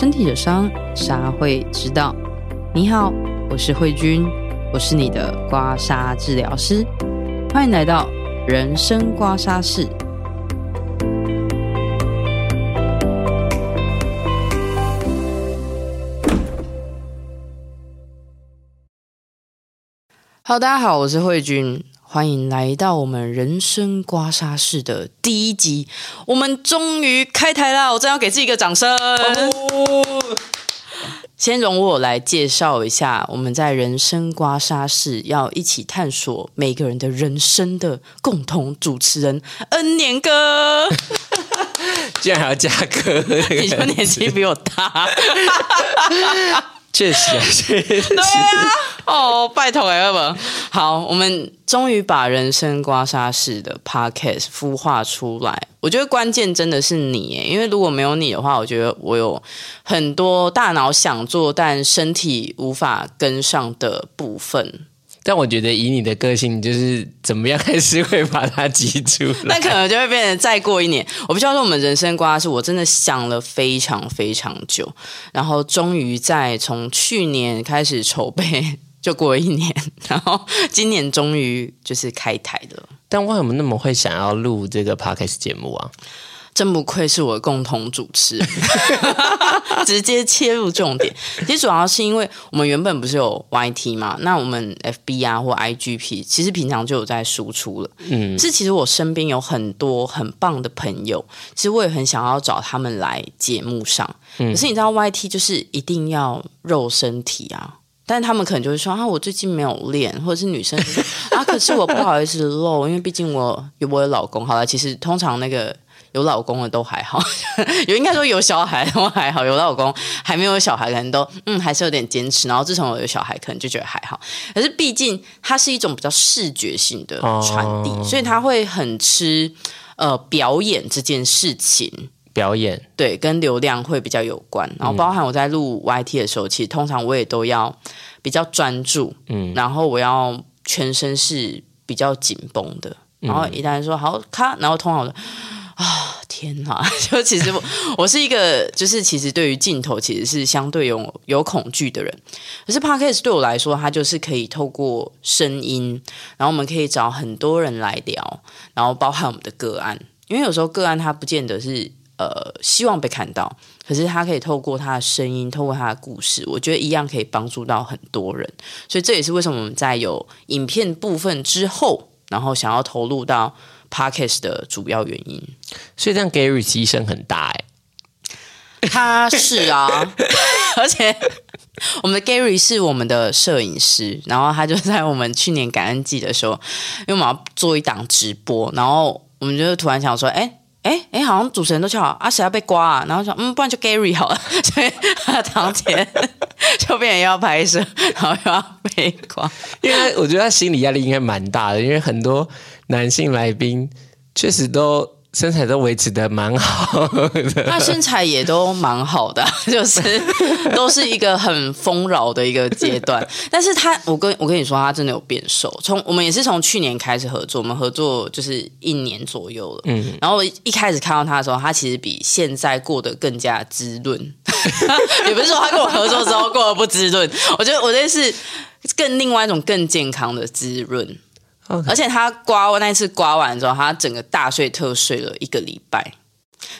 身體的傷，痧會知道。你好，我是卉君，我是你的刮痧治療師，歡迎來到人生刮痧室。Hello，大家好，我是卉君。歡迎來到我們人生刮痧室的第一集，我們終於開台了，我真要給自己一個掌聲哦。先容我來介紹一下，我們在人生刮痧室要一起探索每個人的人生的共同主持人恩年哥，竟 然還要加哥，你說年紀比我大， 確實，啊，確實，對，啊哦，oh, 拜託，阿好，我們終於把人生刮痧室的 Podcast 孵化出來。我覺得關鍵真的是你耶，因為如果沒有你的話，我覺得我有很多大腦想做但身體無法跟上的部分。但我覺得以你的個性，就是怎麼樣還是會把它擠出來，那可能就會變成再過一年。我不知道說，我們人生刮痧室我真的想了非常非常久，然後終於在從去年開始籌備。就過一年，然後今年終於就是開台了。但我為什麼那麼會想要錄這個 Podcast 節目啊？真不愧是我的共同主持， 直接切入重點。其實主要是因為我們原本不是有 YT 嘛？那我們 FB 啊或 IGP，其實平常就有在輸出了。嗯，是其實我身邊有很多很棒的朋友，其實我也很想要找他們來節目上。嗯、可是你知道 YT 就是一定要肉身體啊。但他們可能就會說啊，我最近沒有練，或者是女生是啊，可是我不好意思露， 因為畢竟我有我有老公。好了，其實通常那個有老公的都還好， 有應該說有小孩都還好，有老公還沒有小孩，可能都嗯還是有點堅持。然後自從我有小孩，可能就覺得還好。可是畢竟它是一種比較視覺性的傳遞，oh. 所以他會很吃呃表演這件事情。表演對跟流量會比較有關，然後包含我在錄 YT 的時候，嗯、其實通常我也都要比較專注，嗯，然後我要全身是比較緊繃的，嗯、然後一旦說好卡，然後通常我說啊、哦、天哪，就其實我我是一個 就是其實對於鏡頭其實是相對有有恐懼的人，可是 Podcast 對我來說，它就是可以透過聲音，然後我們可以找很多人來聊，然後包含我們的個案，因為有時候個案它不見得是。呃，希望被看到，可是他可以透過他的聲音，透過他的故事，我覺得一樣可以幫助到很多人。所以這也是為什麼我們在有影片部分之後，然後想要投入到 Podcast 的主要原因。所以這樣 Gary 犧牲很大哎、欸。他是啊， 而且我們的 Gary 是我們的攝影師，然後他就在我們去年感恩季的時候，因為我們要做一檔直播，然後我們就突然想說，哎、欸。哎哎、欸欸，好像主持人都叫阿霞要被刮、啊、然後說，嗯，不然就 Gary 好了。 所以他當天， 就變又要拍攝，然後又要被刮。因為我覺得他心理壓力應該蠻大的，因為很多男性來賓確實都。身材都維持的蠻好，他身材也都蠻好的啊，就是都是一個很豐饒的一個階段。但是他，我跟我跟你說，他真的有變瘦。從我們也是從去年開始合作，我們合作就是一年左右了。嗯哼，然後一，一開始看到他的時候，他其實比現在過得更加滋潤。 也不是說他跟我合作之後過得不滋潤，我覺得我這是更另外一種更健康的滋潤。Okay. 而且他刮那一次刮完之後，他整個大睡特睡了一個禮拜。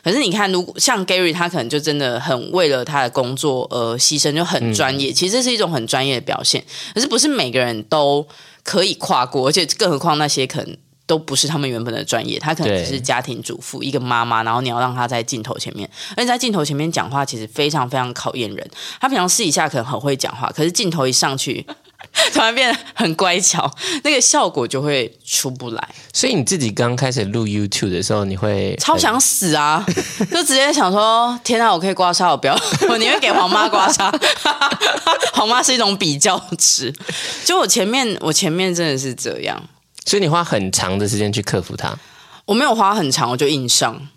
可是你看，如果像 Gary，他可能就真的很為了他的工作而犧牲，就很專業。嗯、其實這是一種很專業的表現。可是不是每個人都可以跨過，而且更何況那些可能都不是他們原本的專業。他可能只是家庭主婦，對一個媽媽。然後你要讓他在鏡頭前面，而且在鏡頭前面講話，其實非常非常考驗人。他平常私底下可能很會講話，可是鏡頭一上去。 突然變得很乖巧，那個效果就會出不來。所以你自己剛開始錄 YouTube 的時候，你會超想死啊， 就直接想說：“天啊，我可以刮痧，我不要，我寧願給黃媽刮痧。”黃媽是一種比較值。就我前面，我前面真的是這樣。所以你花很長的時間去克服它，我沒有花很長，我就硬上，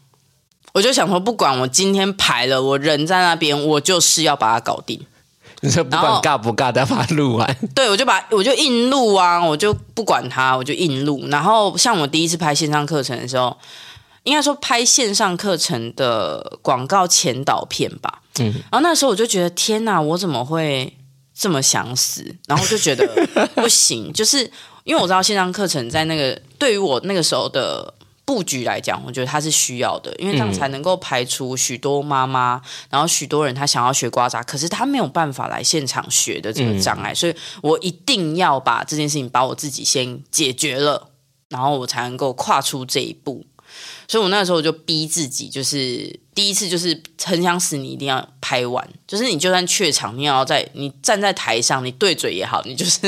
我就想說，不管我今天排了，我人在那邊，我就是要把它搞定。你說不管尬不尬，然後，都要把它錄完。對，我就把我就硬錄啊，我就不管他，我就硬錄。然後像我第一次拍線上課程的時候，應該說拍線上課程的廣告前導片吧。嗯。然後那時候我就覺得天哪，我怎麼會這麼想死？然後我就覺得不行， 就是因為我知道線上課程在那個對於我那個時候的。佈局來講，我覺得他是需要的，因為這樣才能夠排除許多媽媽，嗯、然後許多人他想要學刮痧，可是他沒有辦法來現場學的這個障礙，嗯、所以我一定要把這件事情把我自己先解決了，然後我才能夠跨出這一步。所以，我那時候就逼自己，就是第一次，就是很想死，你一定要拍完，就是你就算怯場，你要在你站在台上，你對嘴也好，你就是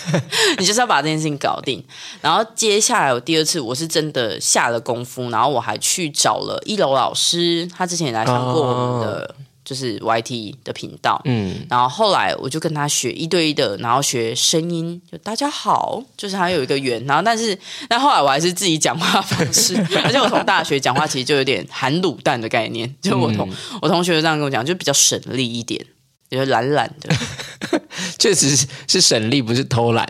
你就是要把這件事情搞定。然後接下來我第二次，我是真的下了功夫，然後我還去找了一樓老師，他之前也來上過我們的，哦。就是 YT 的頻道，嗯，然後後來我就跟他學一對一的，然後學聲音，就大家好，就是還有一個圓，然後但是但後來我還是自己講話方式， 而且我從大學講話其實就有點含滷蛋的概念，就我同、嗯、我同學這樣跟我講，就比較省力一點，也是懶懶的，確實是，是省力，不是偷懶，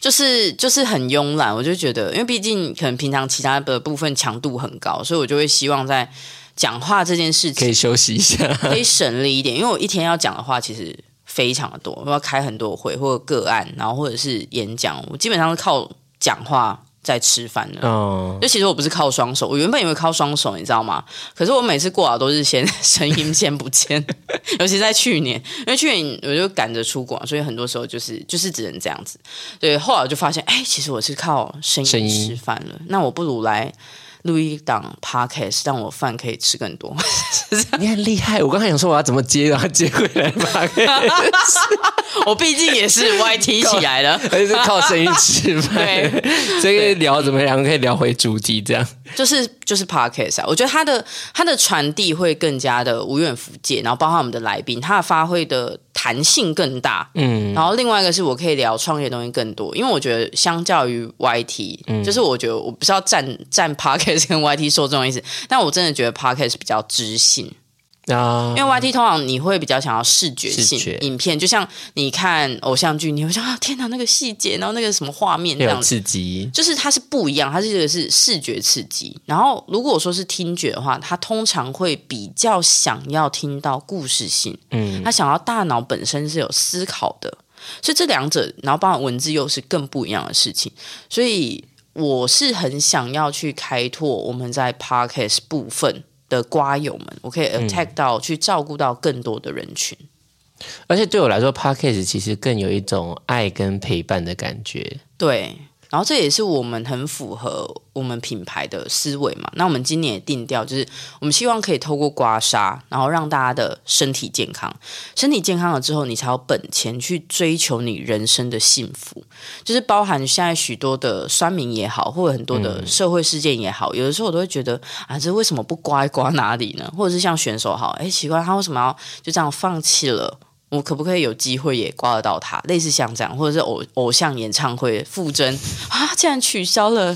就是就是很慵懶，我就覺得，因為畢竟可能平常其他的部分強度很高，所以我就會希望在。講話這件事情可以休息一下，可以省力一點。因為我一天要講的話其實非常的多，我要開很多會，或者個案，然後或者是演講。我基本上是靠講話在吃飯的。哦，就其實我不是靠雙手，我原本以為靠雙手，你知道嗎？可是我每次過了都是先聲音先不見， 尤其在去年，因為去年我就趕着出國，所以很多時候就是就是只能這樣子。對，後來我就發現，哎，其實我是靠聲音吃飯了。 那我不如來。錄一檔 podcast 讓我飯可以吃更多，你很厲害。我剛才想說我要怎麼接，要接回來嘛。我畢竟也是 YT 起來的，而 且是靠聲音吃飯，這個 對聊對怎麼樣可以聊回主題？這樣就是就是 podcast 啊。我覺得它的它的傳遞會更加的無遠弗屆，然後包括我們的來賓，他的發揮的彈性更大，嗯，然後另外一個是我可以聊創業的東西更多，因為我覺得相較於 YT，嗯，就是我覺得我不是要站站 Podcast 跟 YT 說這種意思，但我真的覺得 Podcast 比較知性。啊，因為 YT 通常你會比較想要視覺性影片。覺就像你看偶像劇，你會想，啊，天哪，那個細節，然後那個什麼畫面這樣子刺激，就是它是不一樣，它是這個是視覺刺激。然後如果說是聽覺的話，他通常會比較想要聽到故事性，嗯，他想要大腦本身是有思考的，嗯、所以這兩者，然後包含文字又是更不一樣的事情。所以我是很想要去開拓我們在 Podcast 部分的刮友們，我可以 attack 到、嗯、去照顧到更多的人群，而且對我來說，podcast 其實更有一種愛跟陪伴的感覺。對。然後這也是我們很符合我們品牌的思維嘛。那我們今年也定調，就是我們希望可以透過刮痧，然後讓大家的身體健康，身體健康了之後，你才有本錢去追求你人生的幸福。就是包含現在許多的酸民也好，或者很多的社會事件也好，嗯、有的時候我都會覺得，啊，這為什麼不刮一刮哪裡呢？或者是像選手好，哎，奇怪，他為什麼要就這樣放棄了？我可不可以有機會也刮得到他？類似像這樣，或者是偶偶像演唱會，傅徵啊，竟然取消了，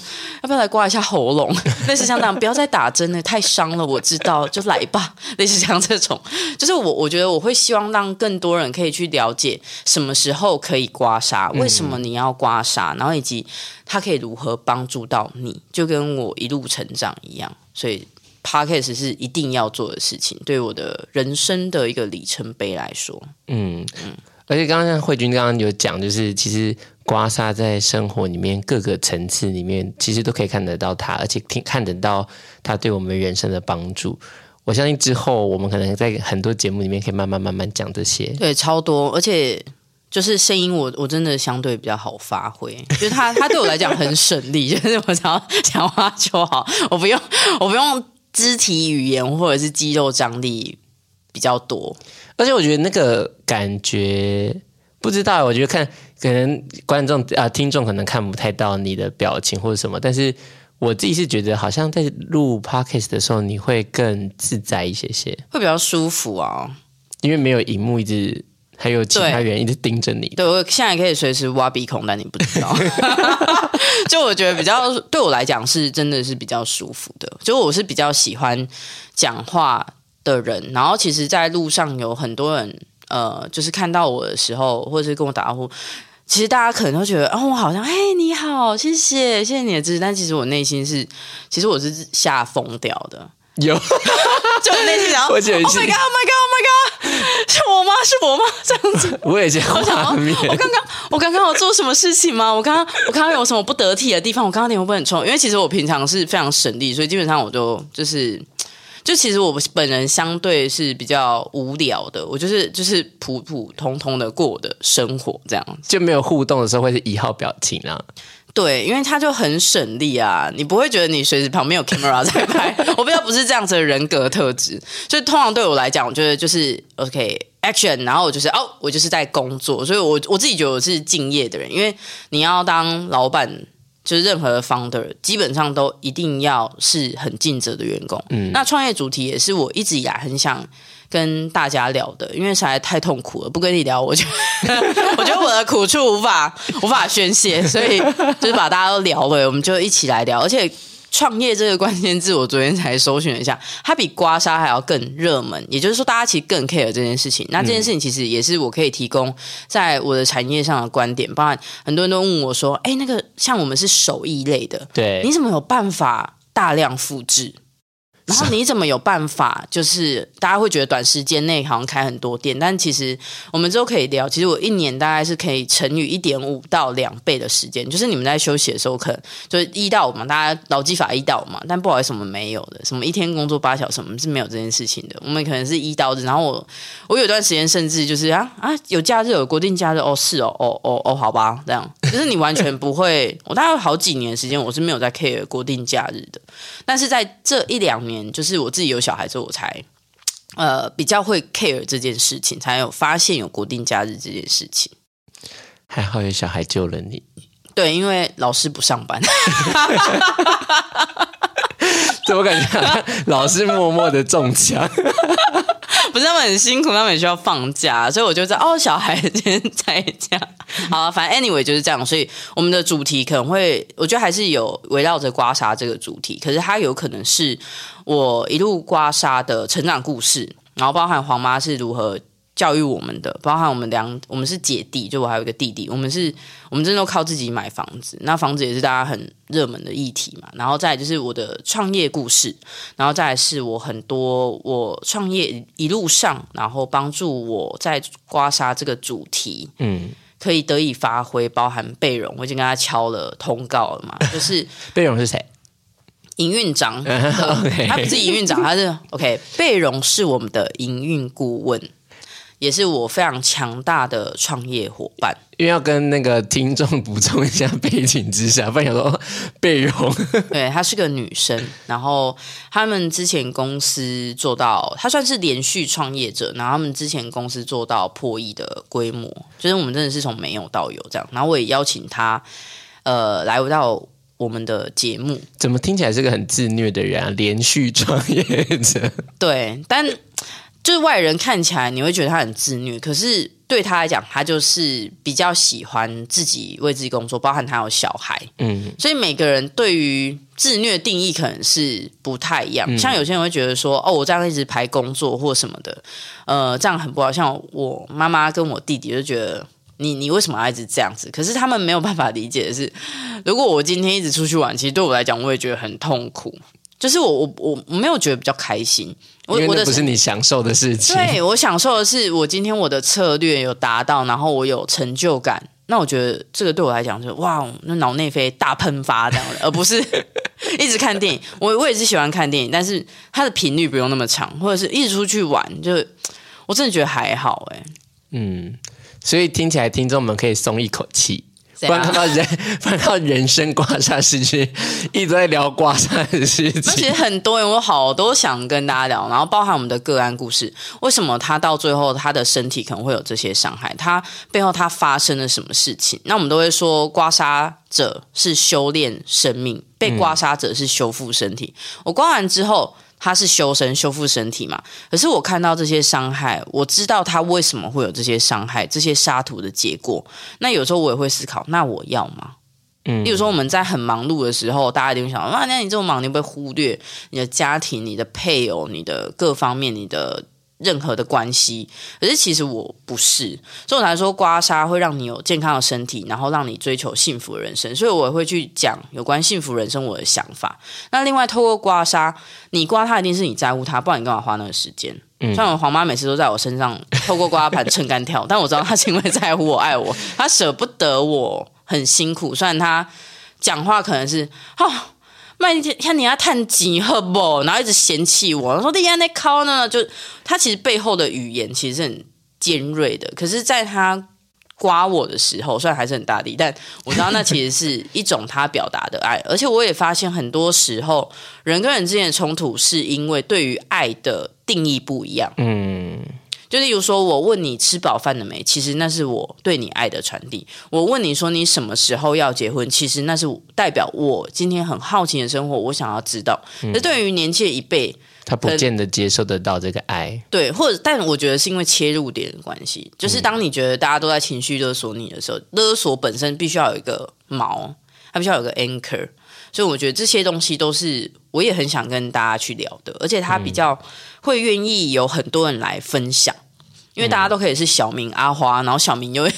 要不要來刮一下喉嚨？ 類似像這樣，不要再打針了，太傷了。我知道，就來吧。類似像這種，就是我，我覺得我會希望讓更多人可以去了解什麼時候可以刮痧，為什麼你要刮痧，嗯、然後以及他可以如何幫助到你，就跟我一路成長一樣。所以。Podcast 是一定要做的事情，對我的人生的一個里程碑來說，嗯嗯，嗯，而且剛剛像卉君剛剛有講，就是其實刮痧在生活裡面各個層次裡面，其實都可以看得到它，而且聽看得到它對我們人生的幫助。我相信之後我們可能在很多節目裡面可以慢慢慢慢講這些，對，超多，而且就是聲音我，我我真的相對比較好發揮，就是他他對我來講很省力， 就是我只要講話就好，我不用我不用。肢體語言或者是肌肉張力比較多，而且我覺得那個感覺不知道，我覺得看可能觀眾啊聽眾可能看不太到你的表情或者什麼，但是我自己是覺得好像在錄 Podcast 的時候你會更自在一些些，會比較舒服哦，啊，因為沒有熒幕一直。還有其他原因對就盯着你？對，我現在可以隨時挖鼻孔，但你不知道。 就我覺得比較對我來講是真的是比較舒服的。就我是比較喜歡講話的人，然後其實在路上有很多人，呃，就是看到我的時候，或者是跟我打招呼，其實大家可能都覺得哦，我好像嘿，你好，謝謝謝謝你的支持，但其實我內心是其實我是嚇瘋掉的。有 就，就是那些，然後，Oh my God, Oh my God, Oh my God，是我，是我嗎？是我嗎？這樣子， 我也這樣。我想，我剛剛，我剛剛有做什麼事情嗎？我剛剛，我剛剛有什麼不得體的地方？我剛剛臉會不會很臭？因為其實我平常是非常省力，所以基本上我都就，就是，就其實我本人相對是比較無聊的，我就是就是普普通通的過我的生活，這樣子就沒有互動的時候會是一號表情啊。對，因為他就很省力啊，你不會覺得你隨時旁邊有 camera 在拍。 我比較不是這樣子的人格的特質，所以通常對我來講，我覺得就是 OK action，然後我就是哦，我就是在工作，所以我我自己覺得我是敬業的人，因為你要當老闆，就是任何的 founder 基本上都一定要是很盡責的員工。嗯，那創業主題也是我一直以來很想，跟大家聊的，因為實在太痛苦了，不跟你聊，我就 我覺得我的苦處無法無法宣洩，所以就是把大家都聊了，我們就一起來聊。而且創業這個關鍵字，我昨天才搜尋了一下，它比刮痧還要更熱門，也就是說，大家其實更 care 這件事情。那這件事情其實也是我可以提供在我的產業上的觀點。包含很多人都問我說：“哎、欸，那個像我們是手藝類的，對，你怎麼有辦法大量複製？”然後你怎麼有辦法？就是大家會覺得短時間內好像開很多店，但其實我們之後可以聊。其實我一年大概是可以乘以一點五到兩倍的時間。就是你們在休息的時候，可能就是一到嘛，大家勞基法一到嘛。但不好意思，我們沒有的，什麼一天工作八小時，我們是沒有這件事情的。我們可能是一到的，然後我我有段時間甚至就是啊啊，有假日有固定假日哦，是哦哦哦哦，好吧，這樣。就是你完全不會，我大概好幾年的時間我是沒有在 care 國定假日的，但是在這一兩年，就是我自己有小孩之後，我才呃比較會 care 這件事情，才有發現有國定假日這件事情。還好有小孩救了你。對，因為老師不上班。 怎麼感覺老師默默的中槍？不是，他們很辛苦，他們也需要放假，所以我就知道，哦，小孩今天在家，好，反正 anyway 就是這樣，所以我們的主題可能會，我覺得還是有圍繞着刮痧這個主題，可是它有可能是我一路刮痧的成長故事，然後包含黃媽是如何。教育我們的，包含我們兩，我們是姐弟，就我還有一個弟弟。我們是，我們真的都靠自己買房子。那房子也是大家很熱門的議題嘛。然後再來就是我的創業故事，然後再來是我很多我創業一路上，然後幫助我在刮痧這個主題，嗯，可以得以發揮。包含貝榮，我已經跟他敲了通告了嘛，就是貝榮 是誰？營運長， Okay. 他不是營運長，他是 OK。貝榮是我們的營運顧問。也是我非常強大的創業夥伴，因為要跟那個聽眾補充一下背景之下。不然有時候內容。哦、備用，對，她是個女生，然後他們之前公司做到，她算是連續創業者，然後他們之前公司做到破億的規模，就是我們真的是從沒有到有這樣。然後我也邀請她，呃，來不到我們的節目。怎麼聽起來是個很自虐的人啊？連續創業者，對，但。就是外人看起來你會覺得他很自虐，可是對他來講，他就是比較喜歡自己為自己工作，包含他有小孩，嗯，所以每個人對於自虐的定義可能是不太一樣。嗯，像有些人會覺得說，哦，我這樣一直排工作或什麼的，呃，這樣很不好。像我媽媽跟我弟弟就覺得，你你為什麼要一直這樣子？可是他們沒有辦法理解的是，如果我今天一直出去玩，其實對我來講，我也覺得很痛苦。就是我我我沒有覺得比較開心，我覺得不是你享受的事情。我就是、對我享受的是我今天我的策略有達到，然後我有成就感。那我覺得這個對我來講就是哇，那腦內啡大噴發這樣， 而不是一直看電影。我我也是喜歡看電影，但是它的頻率不用那麼長，或者是一直出去玩，就我真的覺得還好誒、欸。嗯，所以聽起來聽眾們可以鬆一口氣。不然看到人，不然看到人生刮痧室，一直在聊刮痧的事情。而其實很多人我有好多想跟大家聊，然後包含我們的個案故事，為什麼他到最後他的身體可能會有這些傷害？他背後他發生了什麼事情？那我們都會說，刮痧者是修煉生命，被刮痧者是修復身體。嗯。我刮完之後。他是修身，修復身體嘛。可是我看到這些傷害，我知道他為什麼會有這些傷害，這些痧堵的結果。那有時候我也會思考，那我要嗎？嗯，例如說我們在很忙碌的時候，大家一定會想，哇，那你這麼忙，你會不會忽略你的家庭、你的配偶、你的各方面、你的。任何的關係，可是其實我不是，所以我才說，刮痧會讓你有健康的身體，然後讓你追求幸福的人生，所以我也會去講有關幸福人生我的想法。那另外，透過刮痧，你刮他一定是你在乎他，不然你幹嘛花那個時間？像、嗯、我黃媽每次都在我身上透過刮痧板秤幹跳， 但我知道她是因為在乎我、愛我，她捨不得我很辛苦，雖然她講話可能是、哦罵你，看你要嘆氣，好不？然後一直嫌棄我，我說：“你安那靠呢？”就他其實背後的語言其實是很尖銳的。可是，在他刮我的時候，雖然還是很大力，但我知道那其實是一種他表達的愛。 而且，我也發現很多時候人跟人之間的衝突，是因為對於愛的定義不一樣。嗯。就例如說，我問你吃飽飯了沒？其實那是我對你愛的傳遞。我問你說你什麼時候要結婚？其實那是代表我今天很好奇的生活，我想要知道。那、嗯、對於年輕的一輩，他不見得接受得到這個愛。對，或者，但我覺得是因為切入點的關係，就是當你覺得大家都在情緒勒索你的時候，嗯、勒索本身必須要有一個錨，他必須要有個 anchor。所以我覺得這些東西都是，我也很想跟大家去聊的，而且他比較會願意有很多人來分享，嗯、因為大家都可以是小明、阿花，嗯、然後小明又在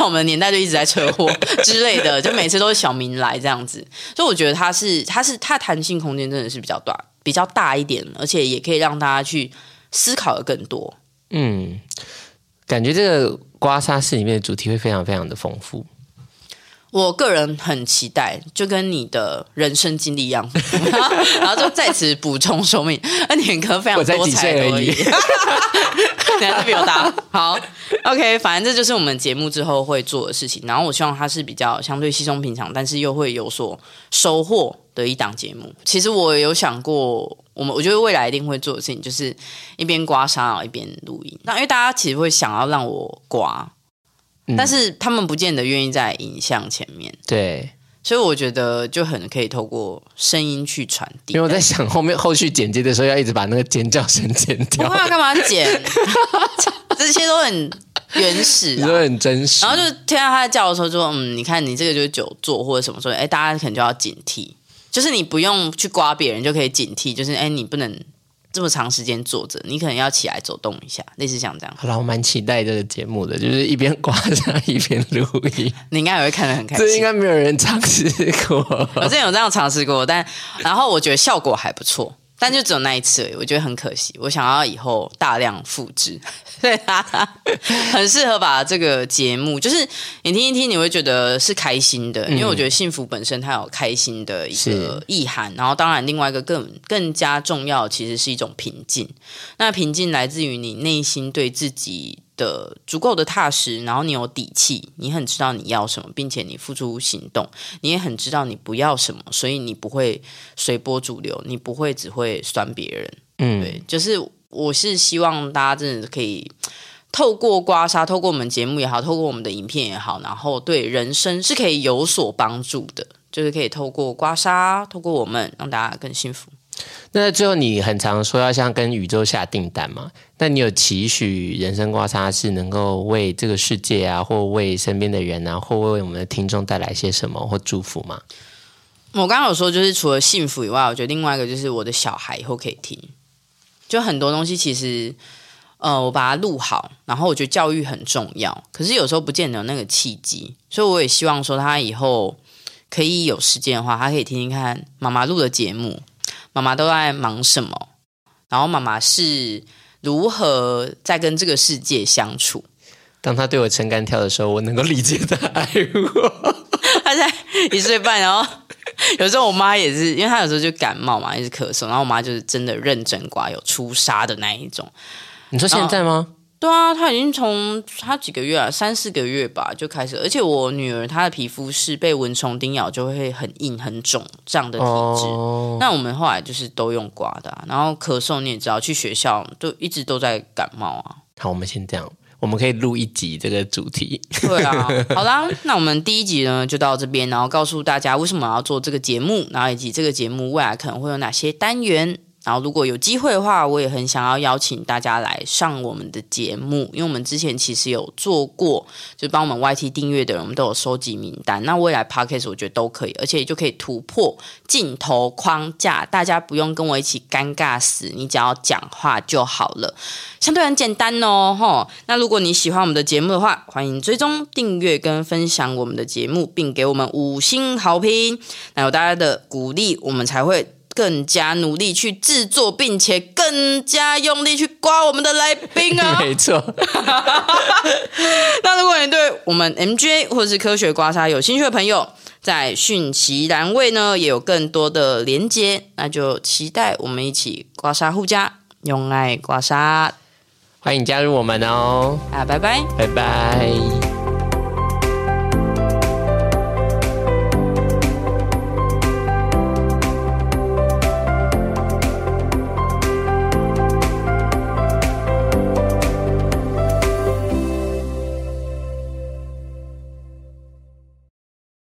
我們年代就一直在車禍之類的，就每次都是小明來這樣子。所以我覺得他是，他是他彈性空間真的是比較大，比較大一點，而且也可以讓大家去思考的更多。嗯，感覺這個刮痧室裡面的主題會非常非常的豐富。我個人很期待，就跟你的人生經歷一樣 然，然後就在此補充說明，安田歌非常多彩多姿。你還是比我大。好，OK，反正這就是我們節目之後會做的事情。然後我希望它是比較相對稀鬆平常，但是又會有所收穫的一檔節目。其實我有想過，我們我覺得未來一定會做的事情就是一邊刮痧一邊錄音。那因為大家其實會想要讓我刮。嗯、但是他們不見得願意在影像前面，對，所以我覺得就很可以透過聲音去傳遞。因為我在想後面後續剪接的時候，要一直把那個尖叫聲剪掉。我還要幹嘛剪？ 這些都很原始、啊，都很真實。然後就聽到他在叫的時候，說：“嗯，你看你這個就是久坐或者什麼時候，哎、欸，大家可能就要警惕。就是你不用去刮別人，就可以警惕。就是哎、欸，你不能。”這麼長時間坐着，你可能要起來走動一下，類似像這樣。好了，我蠻期待這個節目的，就是一邊刮痧一邊錄音。 你應該也會看得很開心。這應該沒有人嘗試過。我之前有這樣嘗試過，但然後我覺得效果還不錯。但就只有那一次而已，我覺得很可惜。我想要以後大量複製，對啊，很適合把這個節目，就是你聽一聽，你會覺得是開心的，嗯，因為我覺得幸福本身它有開心的一個意涵。是。然後，當然另外一個更更加重要，其實是一種平靜。那平靜來自於你內心對自己。的足夠的踏實，然後你有底氣，你很知道你要什麼，並且你付出行動，你也很知道你不要什麼，所以你不會隨波逐流，你不會只會酸別人。嗯，對，就是我是希望大家真的可以透過刮痧，透過我們節目也好，透過我們的影片也好，然後對人生是可以有所幫助的，就是可以透過刮痧，透過我們讓大家更幸福。那最後，你很常說要像跟宇宙下訂單嗎？那你有期許人生刮痧室能夠為這個世界啊，或為身邊的人啊，或為我們的聽眾帶來些什麼或祝福嗎？我剛剛有說，就是除了幸福以外，我覺得另外一個就是我的小孩以後可以聽。就很多東西其實，呃，我把它錄好，然後我覺得教育很重要。可是有時候不見得有那個契機，所以我也希望說，他以後可以有時間的話，他可以聽聽看媽媽錄的節目。媽媽都在忙什麼？然後媽媽是如何在跟這個世界相處？當她對我撐杆跳的時候，我能夠理解她愛我。她 在一歲半，然後有時候我媽也是，因為她有時候就感冒嘛，一直咳嗽，然後我媽就是真的認真刮，有出痧的那一種。你說現在嗎？對啊，他已經從他幾個月啊，三四個月吧就開始，而且我女兒她的皮膚是被蚊蟲叮咬就會很硬、很腫這樣的體質。哦。那我們後來就是都用刮的啊，然後咳嗽你也知道，去學校就一直都在感冒啊。好，我們先這樣，我們可以錄一集這個主題。 對啊，好啦，那我們第一集呢就到這邊，然後告訴大家為什麼要做這個節目，然後以及這個節目未來可能會有哪些單元。然後，如果有機會的話，我也很想要邀請大家來上我們的節目，因為我們之前其實有做過，就幫我們 YT 訂閱的人，我們都有收集名單。那未來 Podcast 我覺得都可以，而且也就可以突破鏡頭框架，大家不用跟我一起尷尬死，你只要講話就好了，相對很簡單哦。齁、哦，那如果你喜歡我們的節目的話，歡迎追蹤訂閱跟分享我們的節目，並給我們五星好評。那有大家的鼓勵，我們才會。更加努力去製作，並且更加用力去刮我們的來賓啊！沒錯 錯。 那如果你對我們 MGA 或是科學刮痧有興趣的朋友，在訊息欄位呢，也有更多的連接，那就期待我們一起刮痧護家，用愛刮痧，歡迎加入我們哦！啊，拜拜，拜拜。